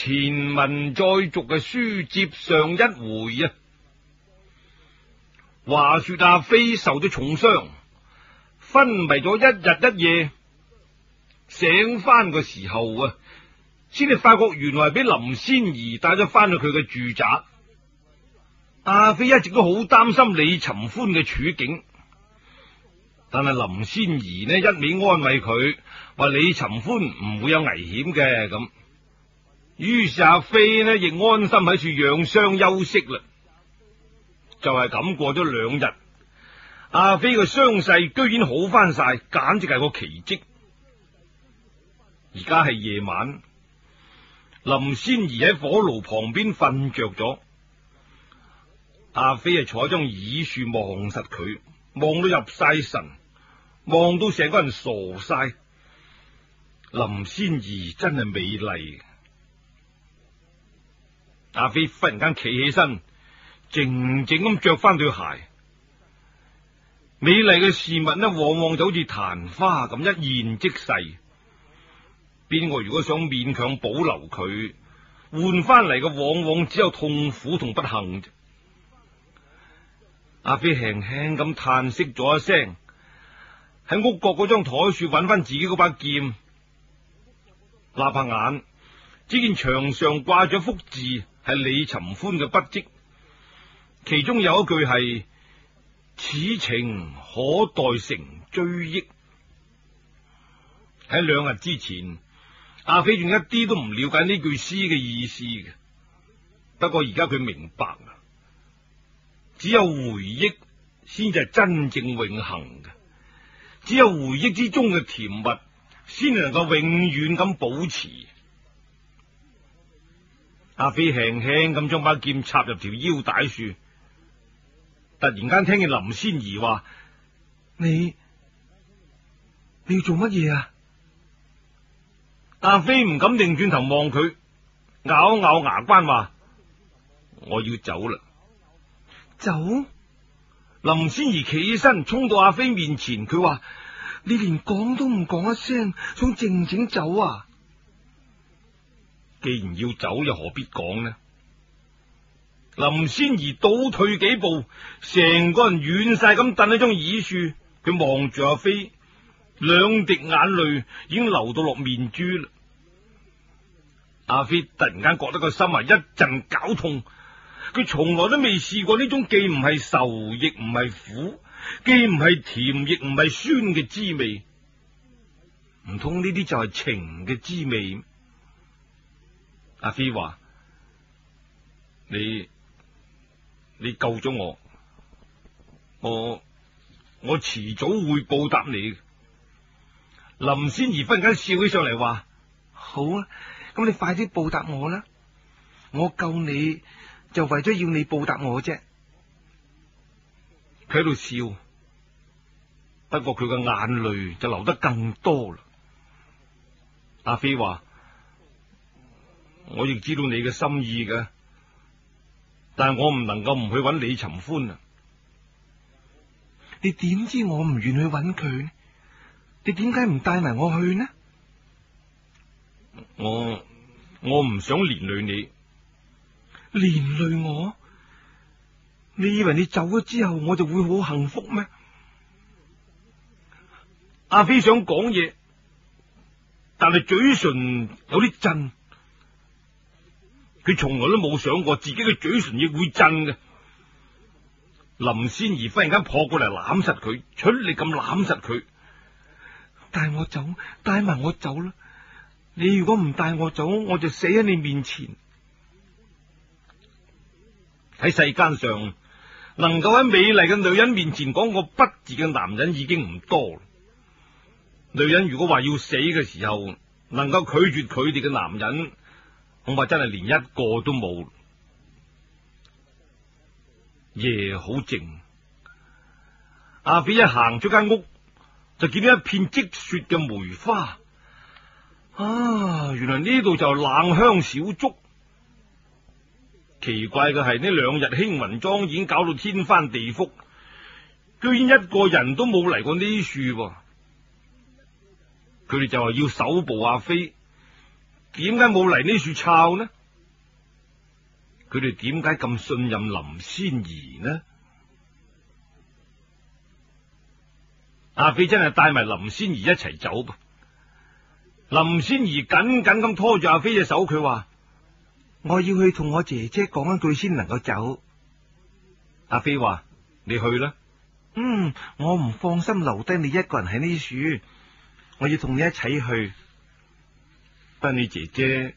前文再續嘅書接上一回啊，話說阿飛受咗重傷，昏迷咗一日一夜，醒翻嘅時候啊，先至發覺原來係俾林仙兒帶咗翻去佢嘅住宅。阿飛一直都好擔心李尋歡嘅處境，但係林仙兒呢一味安慰佢，話李尋歡唔會有危險嘅咁。於是阿飛呢亦安心喺處養傷休息嘞，就係咁過咗兩日，阿飛個傷勢居然好翻晒，簡直係個奇跡。而家係夜晚，林仙兒喺火爐旁邊瞓着咗，阿飛係坐喺張椅樹望實佢，望到入晒神，望到成個人傻晒。林仙兒真係美麗。阿飛忽然間企起身，靜靜咁着翻對鞋。美麗嘅事物呢，往往就好似曇花咁一現即逝。邊個如果想勉強保留佢，換翻嚟嘅往往只有痛苦同不幸啫。阿飛輕輕咁嘆息咗一聲，喺屋角嗰張台處揾翻自己嗰把劍，立下眼，只見牆上掛咗幅字。係李尋歡嘅筆跡，其中有一句係：此情可待成追憶。喺兩日之前，阿飛仲一啲都唔了解呢句詩嘅意思嘅，不過而家佢明白啦。只有回憶先至係真正永恒嘅，只有回憶之中嘅甜蜜，先能夠永遠咁保持。阿飛輕輕咁將把劍插入條腰帶處，突然間聽見林仙兒話：你你要做乜嘢啊？阿飛唔敢擰轉頭望佢，咬咬牙關話：我要走啦。走！林仙兒起身衝到阿飛面前，佢話：你連講都唔講一聲，想靜靜走啊？既然要走，又何必講呢？林仙兒倒退幾步，成個人軟晒咁，蹬喺張椅樹。佢望住阿飛，兩滴眼淚已經流到落面珠啦。阿飛突然間覺得個心一陣絞痛，佢從來都未試過呢種既唔係愁亦唔係苦，既唔係甜亦唔係酸嘅滋味。唔通呢啲就係情嘅滋味？阿飛話：你你救咗我，我我遲早會報答你。林仙兒忽然間笑起上嚟，話：好啊，咁你快啲報答我啦！我救你就為咗要你報答我啫。佢喺度笑，不過佢嘅眼淚就流得更多啦。阿飛話。我亦知道你嘅心意㗎，但係我唔能夠唔去揾李尋歡啊！你點知我唔願去揾佢？你點解唔帶埋我去呢？我我唔想連累你，連累我？你以爲你走咗之後我就會好幸福咩？阿飛想講嘢，但係嘴唇有啲震。佢從來都冇想過自己嘅嘴唇亦會震嘅。林仙兒忽然間撲過嚟攬實佢，出力咁攬實佢，帶我走，帶埋我走啦！你如果唔帶我走，我就死喺你面前。喺世間上，能夠喺美麗嘅女人面前講個不字嘅男人已經唔多。女人如果話要死嘅時候，能夠拒絕佢哋嘅男人，恐怕真係連一個都冇。夜好靜，阿飛一行出間屋，就見到一片積雪嘅梅花。啊，原來呢度就冷香小築。奇怪嘅係呢兩日興雲莊已經搞到天翻地覆，居然一個人都冇嚟過呢處噃。佢哋就話要搜捕阿飛。點解冇嚟呢處抄呢？佢哋點解咁信任林仙兒呢？阿飛真係帶埋林仙兒一齊走吧。林仙兒緊緊咁拖住阿飛隻手，佢話：我要去同我姐姐講一句先能夠走。阿飛話：你去啦。嗯，我唔放心留低你一個人喺呢處，我要同你一齊去。但你姐姐，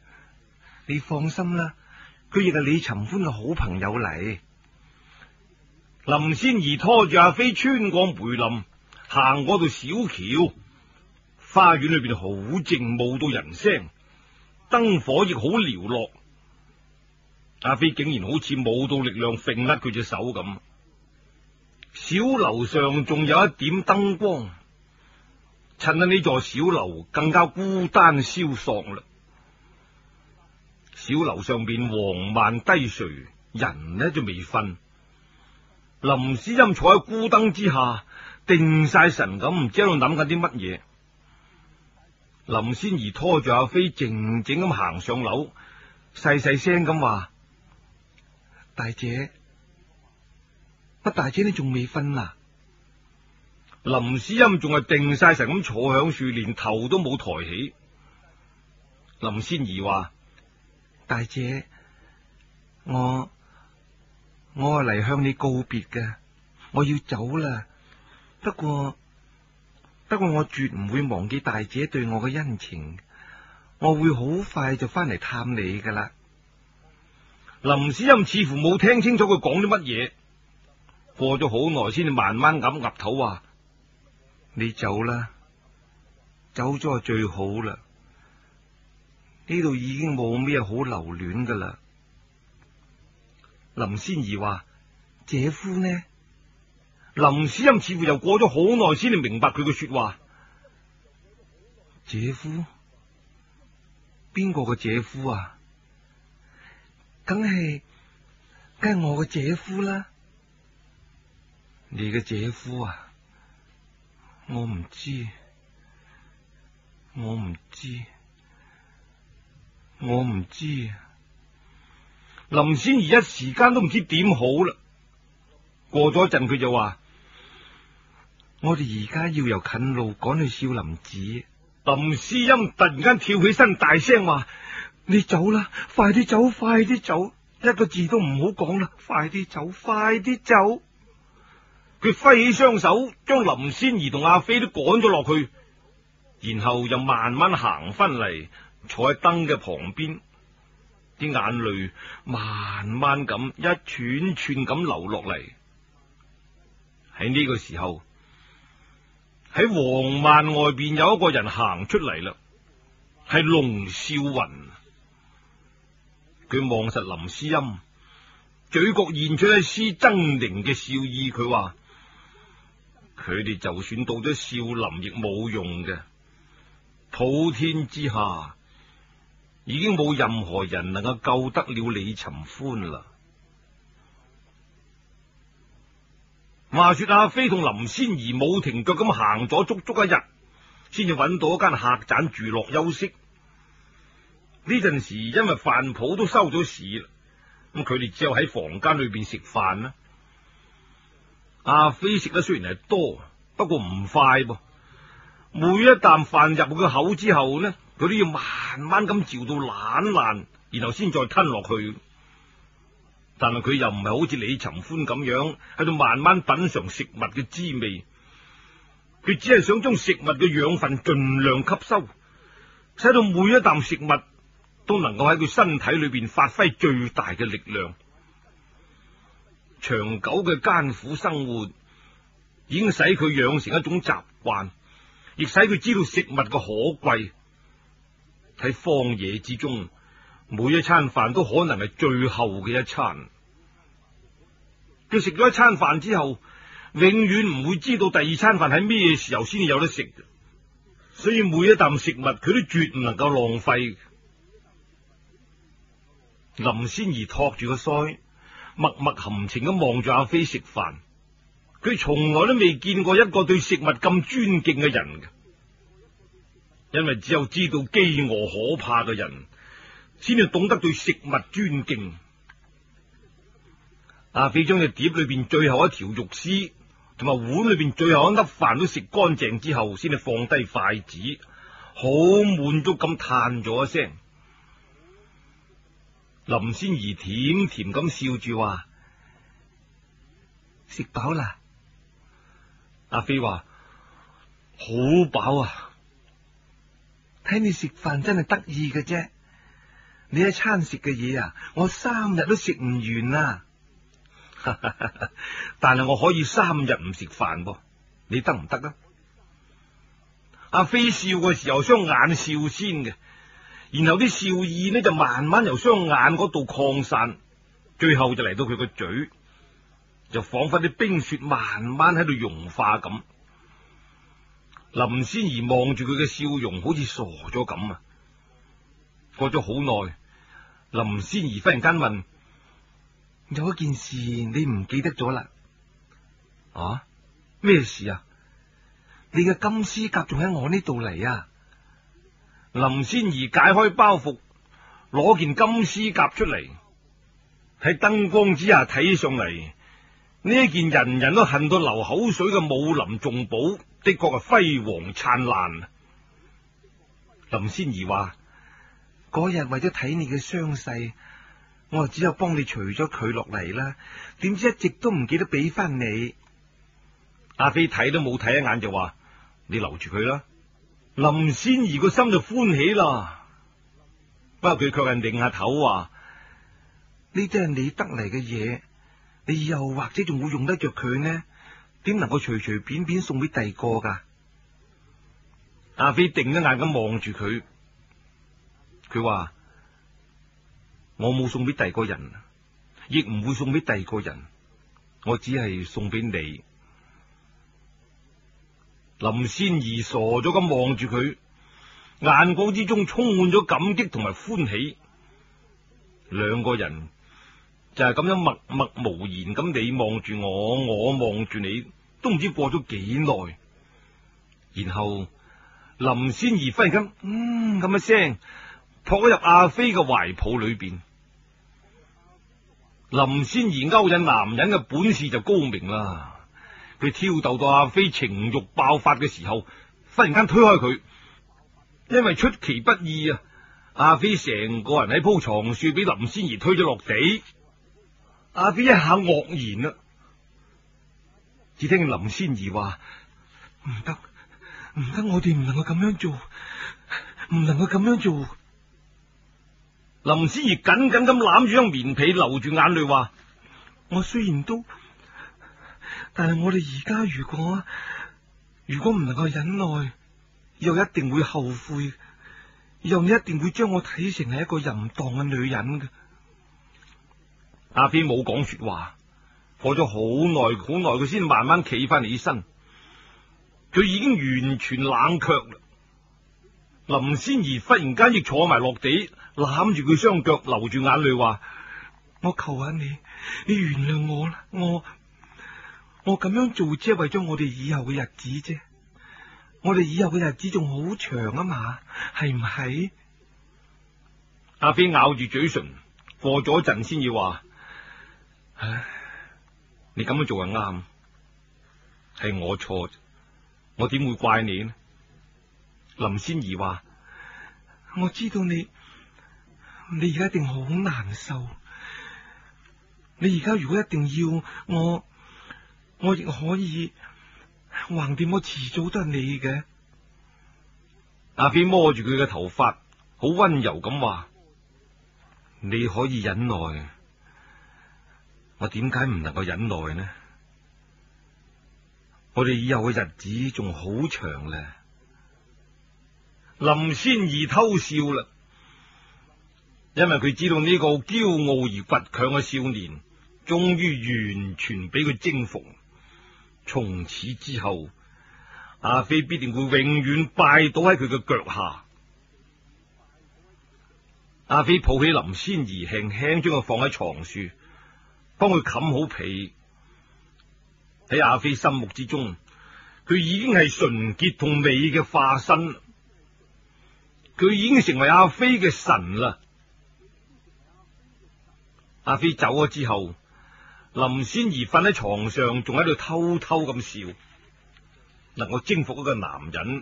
你放心啦，佢亦係李尋歡嘅好朋友嚟。林仙兒拖住阿飛穿過梅林，行過度小橋，花園裏邊好靜，冇到人聲，燈火亦好寥落。阿飛竟然好似冇到力量，揈甩佢隻手咁。小樓上仲有一點燈光。趁喺呢座小樓更加孤單蕭索嘞。小樓上邊黃幔低垂，人呢就未瞓。林詩音坐喺孤燈之下，定晒神咁，唔知喺度諗緊啲乜嘢。林仙兒拖住阿飛，靜靜咁行上樓，細細聲咁話、啊：大姐，乜大姐你仲未瞓啊？林詩音仲係定晒神咁坐響樹，連頭都冇抬起。林仙兒話：大姐，我我係嚟向你告別嘅，我要走啦。不過不過我絕唔會忘記大姐對我嘅恩情，我會好快就翻嚟探你噶啦。林詩音似乎冇聽清楚佢講啲乜嘢，過咗好耐先至慢慢咁岌頭話。你走啦，走咗係最好啦。呢度已經冇咩好留戀噶啦。林仙兒話：姐夫呢？林詩音似乎又過咗好耐先至明白佢嘅說話。姐夫？邊個嘅姐夫啊？梗係梗係我嘅姐夫啦。你嘅姐夫啊？我唔知，我唔知，我唔知。林仙兒一時間都唔知點好啦。過咗一陣，佢就話：我哋而家要由近路趕去少林寺。林詩音突然間跳起身，大聲話：你走啦，快啲走，快啲走，一個字都唔好講啦，快啲走，快啲走。佢揮起雙手，將林仙兒同阿飛都趕咗落去，然後又慢慢行翻嚟，坐喺燈嘅旁邊，啲眼淚慢慢咁一串串咁流落嚟。喺呢個時候，喺黃曼外邊有一個人行出嚟嘞，係龍少雲。佢望實林詩音，嘴角現出一絲猙獰嘅笑意，佢話。佢哋就算到咗少林亦冇用嘅，普天之下已經冇任何人能夠救得了李尋歡啦。話說阿飛同林仙兒冇停腳咁行咗足足一日，先至揾到一間客棧住落休息。呢陣時因為飯鋪都收咗市啦，咁佢哋只有喺房間裏邊食飯啦。阿飛食得雖然係多，不過唔快噃。每一啖飯入佢口之後呢，佢都要慢慢咁嚼到爛爛，然後先再吞落去。但係佢又唔係好似李尋歡咁樣喺度慢慢品嘗食物嘅滋味，佢只係想將食物嘅養分盡量吸收，使到每一啖食物都能夠喺佢身體裏邊發揮最大嘅力量。長久嘅艱苦生活，已經使佢養成一種習慣，亦使佢知道食物嘅可貴。喺荒野之中，每一餐飯都可能係最後嘅一餐。佢食咗一餐飯之後，永遠唔會知道第二餐飯喺咩時候先有得食，所以每一啖食物佢都絕唔能夠浪費。林仙兒托住個腮。默默含情咁望住阿飛食飯，佢從來都未見過一個對食物咁尊敬嘅人嘅，因為只有知道飢餓可怕嘅人，先至懂得對食物尊敬。阿飛將隻碟裏邊最後一條肉絲，同埋碗裏邊最後一粒飯都食乾淨之後，先至放低筷子，好滿足咁嘆咗一聲。.林仙兒甜甜咁笑住話：食飽啦。阿飛話：好飽啊！睇你食飯真係得意嘅啫。你一餐食嘅嘢啊，我三日都食唔完啦啊。 但係我可以三日唔食飯噃，你得唔得啊？阿飛笑嘅時候雙眼笑先嘅。然後啲笑意呢就慢慢由雙眼嗰度擴散，最後就嚟到佢個嘴，就仿佛啲冰雪慢慢喺度融化咁。林仙兒望住佢嘅笑容，好似傻咗咁啊！過咗好耐，林仙兒忽然間問：有一件事你唔記得咗啦？啊，咩事啊？你嘅金絲甲仲喺我呢度嚟啊？林仙兒解開包袱，攞件金絲甲出嚟，喺燈光之下睇上嚟，呢件人人都恨到流口水嘅武林重寶，的確係輝煌燦爛。林仙兒話：嗰日為咗睇你嘅傷勢，我就只有幫你除咗佢落嚟啦。點知一直都唔記得俾翻你。阿飛睇都冇睇一眼就話：你留住佢啦。林仙兒個心就歡喜啦，不過佢卻係擰下頭話：呢啲係你得嚟嘅嘢，你又或者仲會用得着佢呢？點能夠隨隨便便送俾第二個㗎？阿飛、啊、定一眼咁望住佢，佢話：我冇送俾第個人，亦唔會送俾第二個人，我只係送俾你。林仙兒傻咗咁望住佢，眼光之中充滿咗感激同埋歡喜。兩個人就係咁樣默默無言咁你望住我，我望住你，都唔知過咗幾耐。然後林仙兒忽然間嗯咁一聲，撲入阿飛嘅懷抱裏邊。林仙兒勾引男人嘅本事就高明啦。佢挑逗到阿飛情欲爆發嘅時候，忽然間推開佢，因為出其不意啊！阿飛成個人喺鋪床樹，俾林仙兒推咗落地。阿飛一下愕然啦，只聽林仙兒話：唔得，唔得，我哋唔能夠咁樣做，唔能夠咁樣做。林仙兒緊緊咁攬住張棉被，流住眼淚話：我雖然都。但係我哋而家如果，如果唔能夠忍耐，又一定會後悔，又一定會將我睇成係一個淫蕩嘅女人嘅。阿飛冇講說話，過咗好耐好耐，佢先慢慢企翻起身。佢已經完全冷卻啦。林仙兒忽然間亦坐埋落地，攬住佢雙腳，流住眼淚話：我求下你，你原諒我啦，我。我咁樣做只係為咗我哋以後嘅日子啫，我哋以後嘅日子仲好長啊嘛，係唔係？阿飛咬住嘴唇，過咗陣先至話：，唉、啊，你咁樣做又啱，係我錯，我點會怪你呢？林仙兒話：我知道你，你而家一定好難受，你而家如果一定要我。我亦可以橫掂，我遲早都係你嘅。阿飛摸住佢嘅頭髮，好溫柔咁話：你可以忍耐，我點解唔能夠忍耐呢？我哋以後嘅日子仲好長呢。林仙兒偷笑啦，因為佢知道呢個驕傲而倔強嘅少年，終於完全俾佢征服。從此之後，阿飛必定會永遠拜倒喺佢嘅腳下。阿飛抱起林仙兒，輕輕將佢放喺床樹，幫佢冚好被。喺阿飛心目之中，佢已經係純潔同美嘅化身，佢已經成為阿飛嘅神啦。阿飛走咗之後。林仙兒瞓喺床上，仲喺度偷偷咁笑。能夠征服一個男人，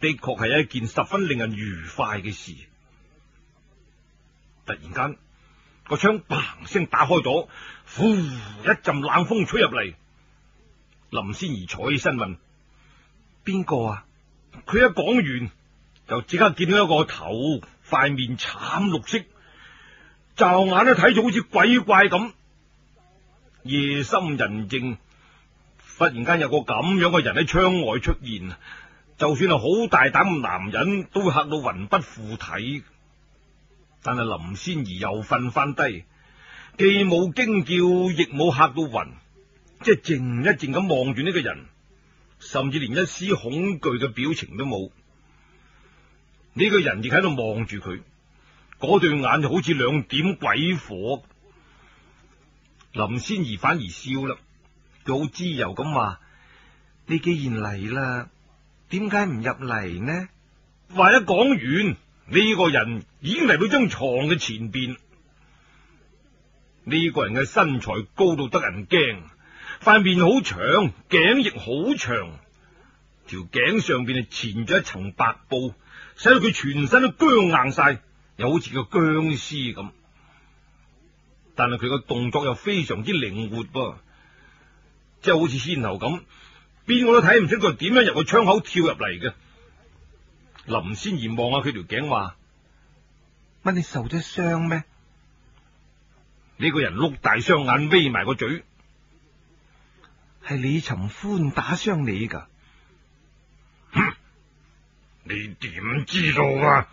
的確係一件十分令人愉快嘅事。突然間，個窗，嘭聲打開咗，呼一陣冷風吹入嚟。林仙兒坐起身問：邊個啊？佢一講完，就即刻見到一個頭，塊面慘綠色，驟眼都睇就好似鬼怪咁。夜深人靜，忽然間有個咁樣嘅人喺窗外出現，就算係好大膽嘅男人都會嚇到魂不附體。但係林仙兒又瞓翻低，既冇驚叫，亦冇嚇到暈，即係靜一靜咁望住呢個人，甚至連一絲恐懼嘅表情都冇。呢、這個人亦喺度望住佢，嗰對眼就好似兩點鬼火。林仙兒反而笑啦，佢好自由咁話：你既然嚟啦，點解唔入嚟呢？話一講完，呢個人已經嚟到張床嘅前邊。呢個人嘅身材高度得人驚，塊面好長，頸亦好長，條頸上邊就纏咗一層白布，使到佢全身都僵硬晒，又好似個僵屍咁。但係佢個動作又非常之靈活噃、啊，即係好似先頭咁，邊個都睇唔出佢點樣入個窗口跳入嚟嘅。林仙兒望下佢條頸，話：乜你受咗傷咩？呢個人碌大雙眼，眯埋個嘴，係李尋歡打傷你噶。哼，你點知道啊？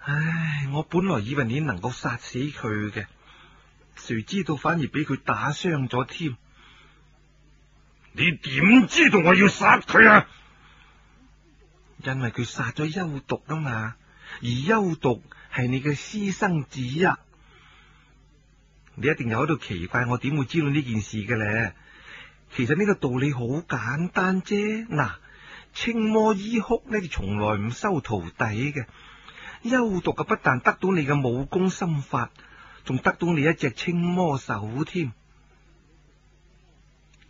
唉，我本來以為你能夠殺死佢嘅。誰知道反而俾佢打傷咗添。你點知道我要殺佢啊？因為佢殺咗幽毒啊嘛，而幽毒係你嘅私生子啊！你一定又喺度奇怪我點會知道呢件事嘅咧？其實呢個道理好簡單啫。嗱，青魔伊哭呢就從來唔收徒弟嘅，幽毒嘅不但得到你嘅武功心法，仲得到你一隻青魔手添，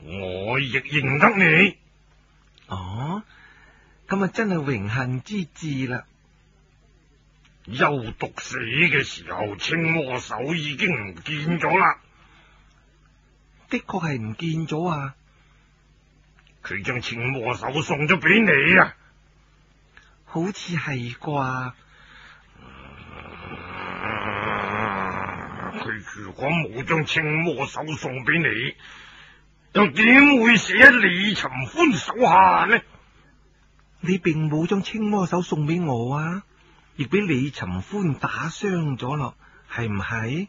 我亦認得你。哦，咁啊，真係榮幸之至啦！幽毒死嘅時候，青魔手已經唔見咗啦。的確係唔見咗啊！佢將青魔手送咗俾你啊，好似係啩。如果冇將青魔手送俾你，又點會死喺李尋歡手下呢？你並冇將青魔手送俾我啊，亦俾李尋歡打傷咗咯，係唔係？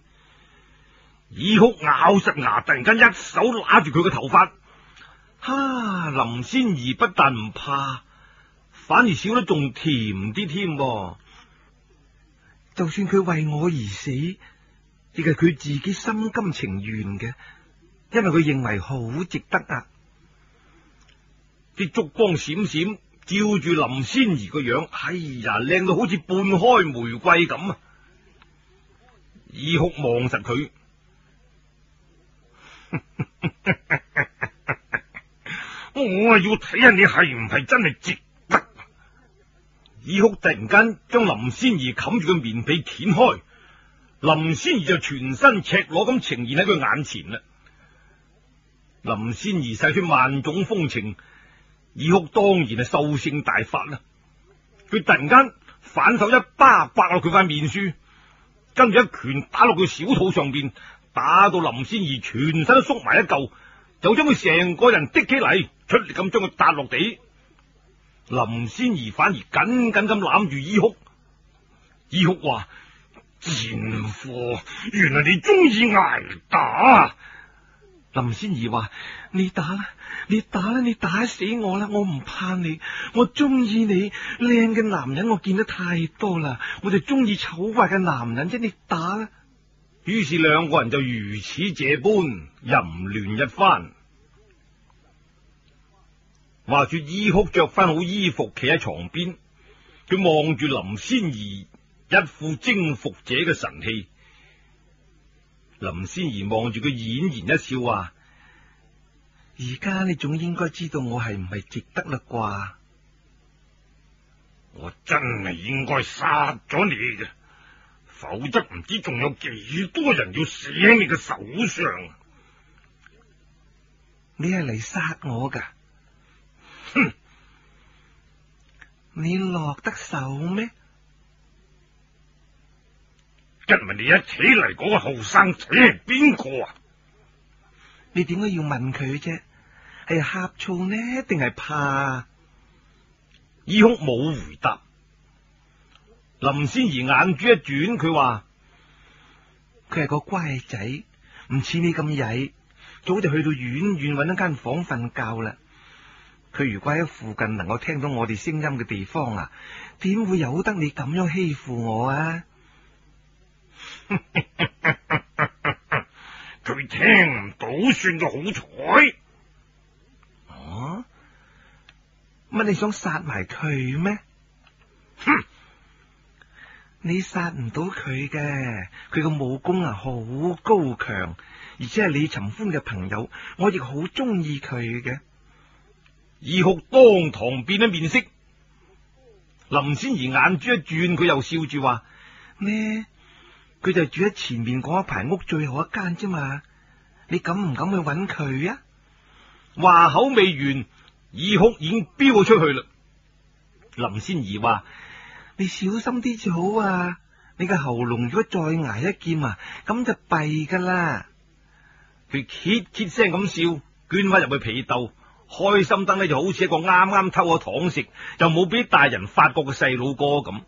以哭咬實牙，突然間一手拉住佢嘅頭髮，哈、啊！林仙兒不但唔怕，反而笑得仲甜啲添。就算佢為我而死。亦係佢自己心甘情願嘅，因為佢認為好值得啊！啲燭光閃閃照住林仙兒個樣，哎呀，靚到好似半開玫瑰咁啊！依哭望實佢， 我啊要睇下你係唔係真係值得啊。依哭突然間將林仙兒冚住個棉被掀開。林仙兒就全身赤裸咁呈現喺佢眼前啦，林仙兒使出萬種風情，伊哭當然係獸性大發啦。佢突然間反手一巴摑落佢塊面書，跟住一拳打落佢小肚上邊，打到林仙兒全身都縮埋一嚿，就將佢成個人拎起嚟，出力咁將佢砸落地。林仙兒反而緊緊咁攬住伊哭，伊哭話。賤貨，原來你中意挨打。林仙兒話：你打啦，你打啦，你打死我啦！我唔怕你，我中意你靚嘅男人，我見得太多啦，我就中意醜壞嘅男人啫。你打啦。於是兩個人就如此這般淫亂一番。話說，衣褲着翻好衣服，企喺床邊，佢望住林仙兒。一副征服者嘅神器，林仙兒望住佢，嫣然一笑，話：而家你總應該知道我係唔係值得啦啩？我真係應該殺咗你嘅，否則唔知仲有幾多人要死喺你嘅手上。你係嚟殺我噶？哼！你落得手咩？跟埋你一起嚟嗰個後生仔係邊個啊？你點解要問佢啫？係呷醋呢，定係怕？依哭冇回答。林仙兒眼珠一轉，佢話：佢係 個乖仔，唔似你咁曳，早就去到遠遠揾一間房瞓覺啦。佢如果喺附近能夠聽到我哋聲音嘅地方啊，點會有得你咁樣欺負我啊？佢 聽唔到算，算咗好彩。啊？乜你想殺埋佢咩？哼！ 你殺唔到佢嘅，佢個武功啊好高強，而且係李尋歡嘅朋友，我亦好中意佢嘅。二虎當堂變咗面色，林仙兒眼珠一轉，佢又笑住話咩？佢就住喺前面嗰一排屋最後一間啫嘛，你敢唔敢去揾佢啊？話口未完，耳哭已經飆咗出去啦。林仙兒話：你小心啲就好啊，你個喉嚨如果再捱一劍啊，咁就弊噶啦。佢揭揭聲咁笑，捲翻入去被竇，開心得咧就好似一個啱啱偷我糖食，又冇俾大人發覺嘅細佬哥咁。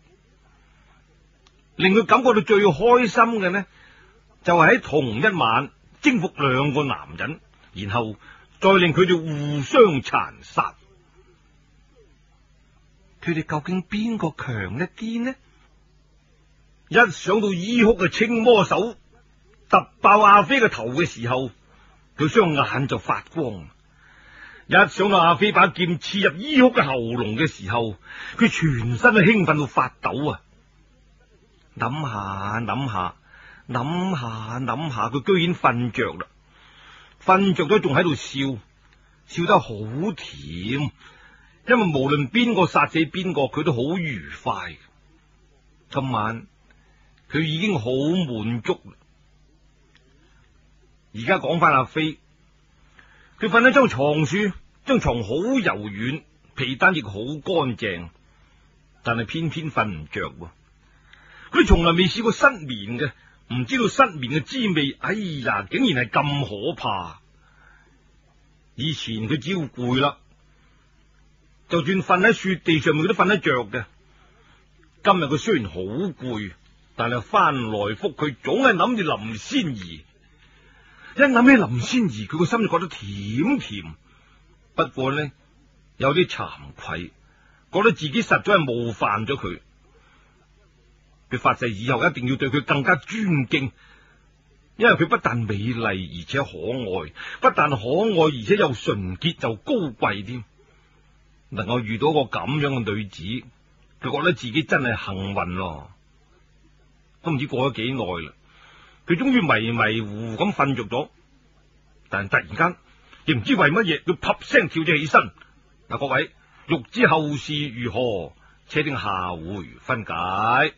令佢感覺到最開心嘅呢，就係喺同一晚征服兩個男人，然後再令佢哋互相殘殺。佢哋究竟邊個強一啲呢？一想到伊哭嘅青魔手突爆阿飛嘅頭嘅時候，佢雙眼就發光；一想到阿飛把劍刺入伊哭嘅喉嚨嘅時候，佢全身都興奮到發抖啊！諗下諗下諗下諗下，佢居然瞓着啦，瞓着咗仲喺度笑，笑得好甜，因為無論邊個殺死邊個，佢都好愉快。今晚佢已經好滿足。而家講翻阿飛，佢瞓喺張床處，張床好柔軟，被單亦好乾淨，但係偏偏瞓唔着。佢從來未試過失眠嘅，唔知道失眠嘅滋味。哎呀，竟然係咁可怕！以前佢只要攰啦，就算瞓喺雪地上面，佢都瞓得着嘅。今日佢雖然好攰，但係翻來覆去，總係諗住林仙兒。一諗起林仙兒，佢個心就覺得甜甜。不過呢，有啲慚愧，覺得自己實在係冒犯咗佢。佢發誓以後一定要對佢更加尊敬，因為佢不但美麗而且可愛，不但可愛而且又純潔就高貴添。能夠遇到個咁樣嘅女子，佢覺得自己真係幸運咯。都唔知過咗幾耐啦，佢終於迷迷糊糊咁瞓着咗，但係突然間亦唔知為乜嘢，佢啪聲跳咗起身。嗱，各位欲知後事如何，且聽下回分解。